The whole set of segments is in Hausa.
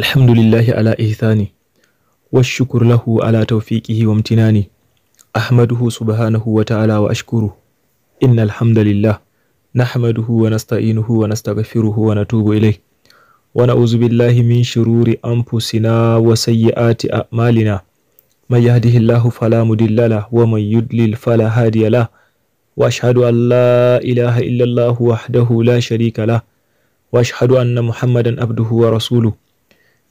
الحمد لله على إحسانه والشكر له على توفيقه وامتنانه أحمده سبحانه وتعالى وأشكره إن الحمد لله نحمده ونستعينه ونستغفره ونتوب إليه ونعوذ بالله من شرور أنفسنا وسيئات أعمالنا من يهده الله فلا مضل له ومن يضلل فلا هادي له وأشهد أن لا إله إلا الله وحده لا شريك له وأشهد أن محمدا عبده ورسوله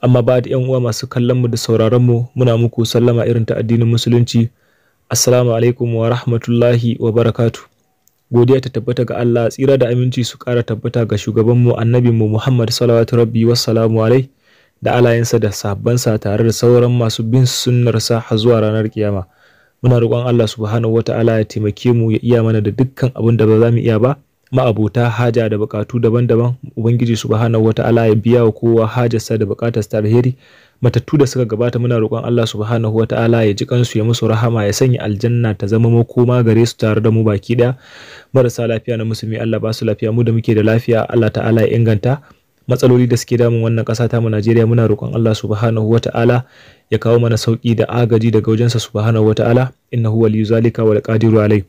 amma ba da yan uwa masu kallon mu da sauraron mu muna muku sallama irin ta addinin musulunci assalamu alaikum wa rahmatullahi wa barakatu godiya ta tabbata ga Allah tsira da aminci su kara tabbata ga shugabanmu mu annabi mu Muhammad salawatu rabbi salamu alai da alayensa da sahabbansa tare da sauran masu bin sa har zuwa ranar kiyama muna roƙon Allah subhanahu wata'ala ya taimake mu ya iya mana da dukkan abin da ba za mu iya ba ma'abota haja da bukatu daban-daban ubangiji subhanahu wata'ala ya biya wa kowa hajarsa da ta alheri matattu da suka gabata muna roƙon Allah subhanahu wata'ala ya ji kansu ya musu rahama ya sanya aljanna ta zama makoma gare su tare da mu baki daya marasa lafiya na musulmi Allah ba su lafiya mu da muke da lafiya Allah ta'ala ya inganta matsaloli da suke damun wannan ƙasa ta mu Najeriya muna roƙon Allah subhanahu wata'ala ya kawo mana sauki da agaji daga wajensa subhanahu wata'ala innahu waliyyu zalika wal qadiru alai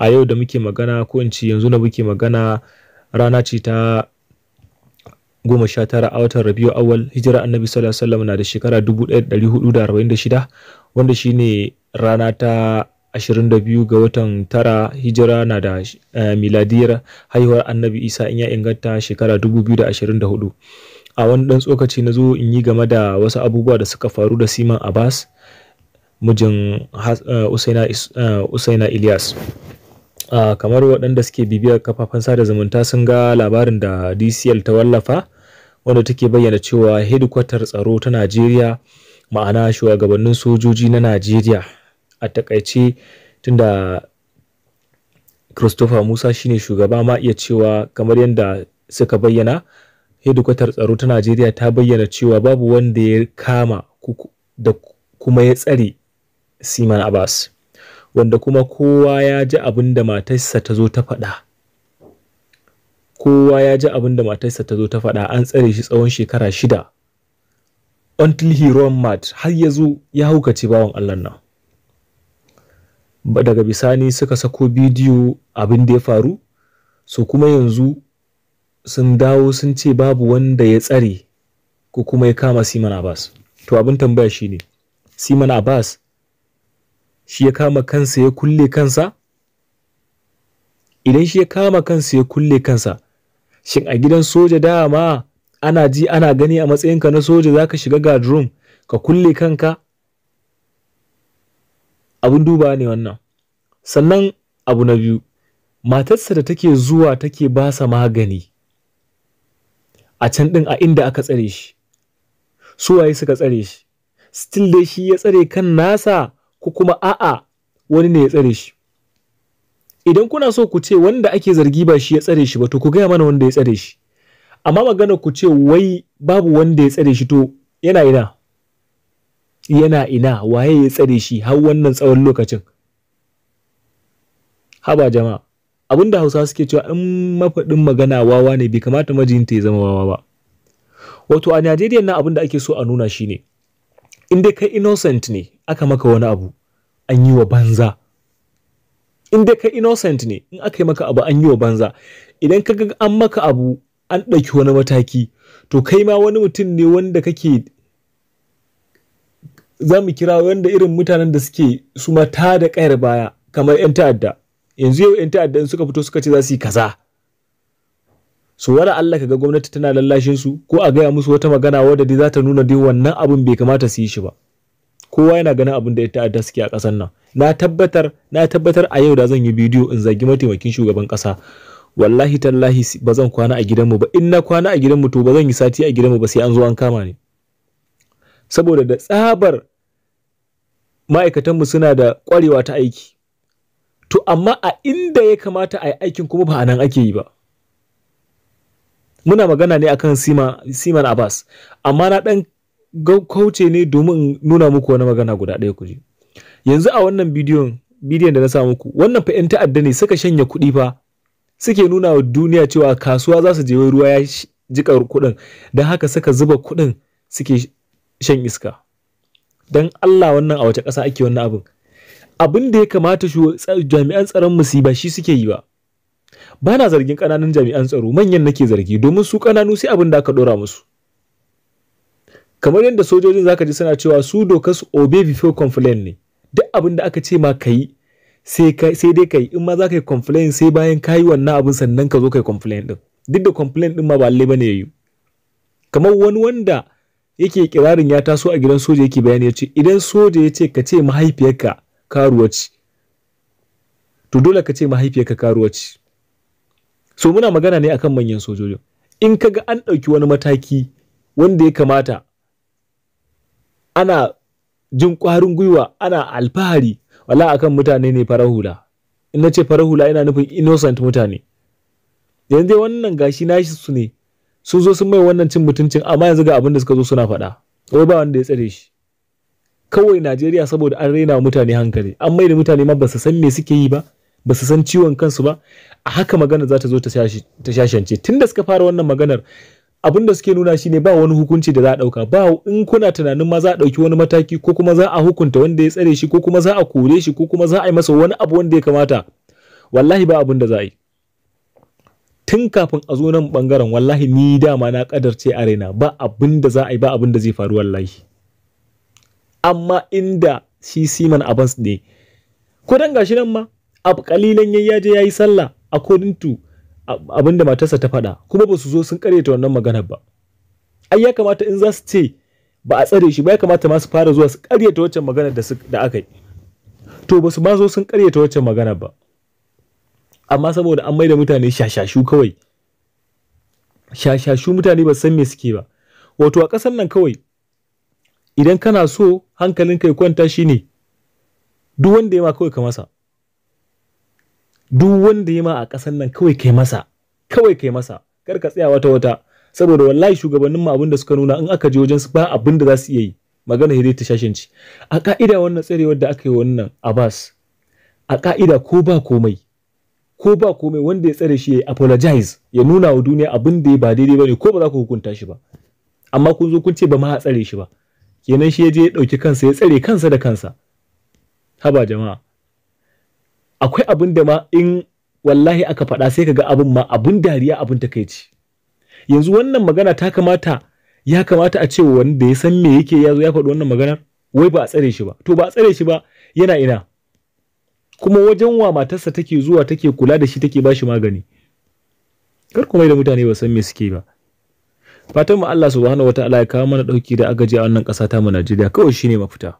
a yau da muke magana ko in ce yanzu na muke magana rana ce ta goma sha tara a watan rabiu awal hijira annabi sallallahu alaihi wasallam na da shekara 1446 wanda shine rana ta 22 ga watan tara hijira na da eh, miladiyar haihuwar annabi isa in ya inganta shekara 2024 a wani dan tsokaci na zo in yi game da wasu abubuwa da suka faru da siman abbas mijin eh, eh, usaina ilyas kamar waɗanda suke bibiyar kafafen sada zumunta sun ga labarin da dcl ta wallafa wanda take bayyana cewa hedikwatar tsaro ta najeriya ma'ana shugabannin sojoji na najeriya a takaice tunda Christopher Musa shine shugaba ma iya cewa kamar yadda suka bayyana hedikwatar tsaro ta Najeriya ta bayyana cewa babu wanda ya kama da kuma ya tsare Siman Abbas wanda kuma kowa ya ji abin da matarsa ta zo ta faɗa kowa ya ji abin da matarsa ta zo ta faɗa an tsare shi tsawon shekara shida until he run mad har ya zo ya haukace bawan Allah nan daga bisani suka sako bidiyo abin da ya faru so kuma yanzu sun dawo sun ce babu wanda ya tsare ko kuma ya kama siman abbas to abin tambaya shine siman abbas shi ya kama kansa ya kulle kansa idan shi ya kama kansa ya kulle kansa shin a gidan soja dama ana ji ana gani a matsayinka na soja zaka shiga gadroom ka kulle kanka abin duba ne wannan sannan abu na biyu matarsa da take zuwa take ba sa magani a can ɗin a inda aka tsare shi su waye suka tsare shi still dai shi ya tsare kan nasa ko kuma a'a wani ne ya tsare shi idan kuna so ku ce wanda ake zargi ba shi ya tsare shi ba to ku gaya mana wanda ya tsare shi amma magana ku ce wai babu wanda ya tsare shi to yana ina yana ina waye ya tsare shi har wannan tsawon lokacin haba jama'a abin da hausa suke cewa in mafaɗin magana wawa ne bai kamata majinta ya zama wawa ba wato a najeriya na abin da ake so a nuna shi ne in dai kai innocent ne aka maka wani abu an yi wa banza in dai kai innocent ne in aka yi maka abu an yi wa banza idan ka ga an maka abu an ɗauki wani mataki to kai ma wani mutum ne wanda kake za mu kira wanda irin mutanen da suke su ma ta da kayar baya kamar 'yan ta'adda yanzu yau 'yan ta'adda suka fito suka ce za su yi kaza su wara Allah ga gwamnati tana lallashin su ko a gaya musu wata magana wadda dai za ta nuna dai wannan abin bai kamata su yi shi ba kowa yana ganin abin da 'yan ta'adda suke a kasan nan na tabbatar na tabbatar a yau da zan yi bidiyo in zagi mataimakin shugaban kasa. wallahi tallahi ba zan kwana a gidanmu ba in na kwana a gidanmu to ba zan yi sati a gidanmu ba sai an zo an kama ni saboda da tsabar ma'aikatanmu suna da ƙwarewa ta aiki to amma a inda ya kamata a yi aikin kuma ba a nan ake yi ba muna magana ne akan siman siman abbas amma na ɗan kauce ne domin nuna muku wani magana guda ɗaya kuje yanzu a wannan bidiyon bidiyon da na sa muku wannan fa'in ta'adda ne suka shanya kuɗi fa suke nuna wa duniya cewa kasuwa za su je ruwa ya jiƙa kuɗin don haka suka zuba kuɗin suke shan iska don Allah wannan a wace ƙasa ake wannan abin abin da ya kamata jami'an tsaron mu ba shi suke yi ba ba na zargin ƙananan jami'an tsaro manyan nake zargi domin su ƙananu sai abin da aka ɗora musu kamar yadda sojojin zaka ji suna cewa su doka su obey before complain ne duk abin da aka ce ma ka yi sai dai ka yi in ma za ka yi complain sai bayan ka yi wannan abin sannan ka zo ka yi complain din duk da complain din ma ba lallai ya yi. kamar wani wanda yake kirarin ya taso a gidan soja yake bayani ya ce idan soja ya ce ka ce mahaifiyarka karuwa ce to dole ka ce mahaifiyarka karuwa ce so muna magana ne akan manyan sojoji in ka ga an ɗauki wani mataki wanda ya kamata ana jin ƙwarin gwiwa ana alfahari wala akan mutane ne farahula hula in na ce farahula ina nufin innocent mutane yanzu wannan gashi nashi su ne su zo sun mai wannan cin mutuncin amma yanzu ga abin da suka zo suna faɗa wai ba wanda ya tsare shi kawai Najeriya saboda an raina mutane hankali an mai da mutane ma ba su san me suke yi ba ba su san ciwon kansu ba a haka magana za ta zo ta shashance tun da suka fara wannan maganar abin da suke nuna shine ba wani hukunci da za a ɗauka ba in kuna tunanin ma za a ɗauki wani mataki ko kuma za a hukunta wanda ya tsare shi ko kuma za a kore shi ko kuma za a yi masa wani abu wanda ya kamata wallahi ba abin da za a yi tun kafin a zo nan bangaren wallahi ni dama na kadarce a raina ba abin da za a yi ba abin da zai faru wallahi amma inda shi siman abans ne ko dan gashi nan ma abu kalilan yayya je yayi sallah according to abin da matarsa ta faɗa kuma ba su zo sun karyata wannan maganar ba ai ya kamata in za su ce ba a tsare shi ba ya kamata ma su fara zuwa su karyata waccan maganar da aka yi to ba su ma zo sun karyata waccan maganar ba amma saboda an maida mutane shashashu kawai shashashu mutane ba san me suke ba wato a ƙasar nan kawai idan kana so hankalinka kai kwanta shi ne duk wanda ya ma kawai ka masa duk wanda ya ma a ƙasar nan kawai kai masa kawai kai masa kar ka tsaya wata wata saboda wallahi shugabannin mu abin da suka nuna in aka je wajen su ba abin da za su iya yi magana hidai ta ci. a ka'ida wannan tsarewar da aka yi wannan abbas a ka'ida ko ba komai ko ba komai wanda ya tsare shi ya apologize ya nuna wa duniya abin da ba daidai ba ne ko ba za ku hukunta shi ba amma kun zo kun ce ba ma a tsare shi ba kenan shi ya je ya ɗauki kansa ya tsare kansa da kansa haba jama'a akwai abin da ma in wallahi aka faɗa sai ka ga abin ma abin dariya abin ta takaici yanzu wannan magana ta kamata ya kamata a ce wanda ya san me yake ya zo ya faɗi wannan maganar wai ba a tsare shi ba to ba a tsare shi ba yana ina kuma wajen wa matarsa take zuwa take kula da shi take bashi magani kar kuma da mutane ba san me suke ba fatan mu Allah subhanahu wataala ya kawo mana dauki da agaji a wannan ƙasata ta mu Najeriya kawai shine mafita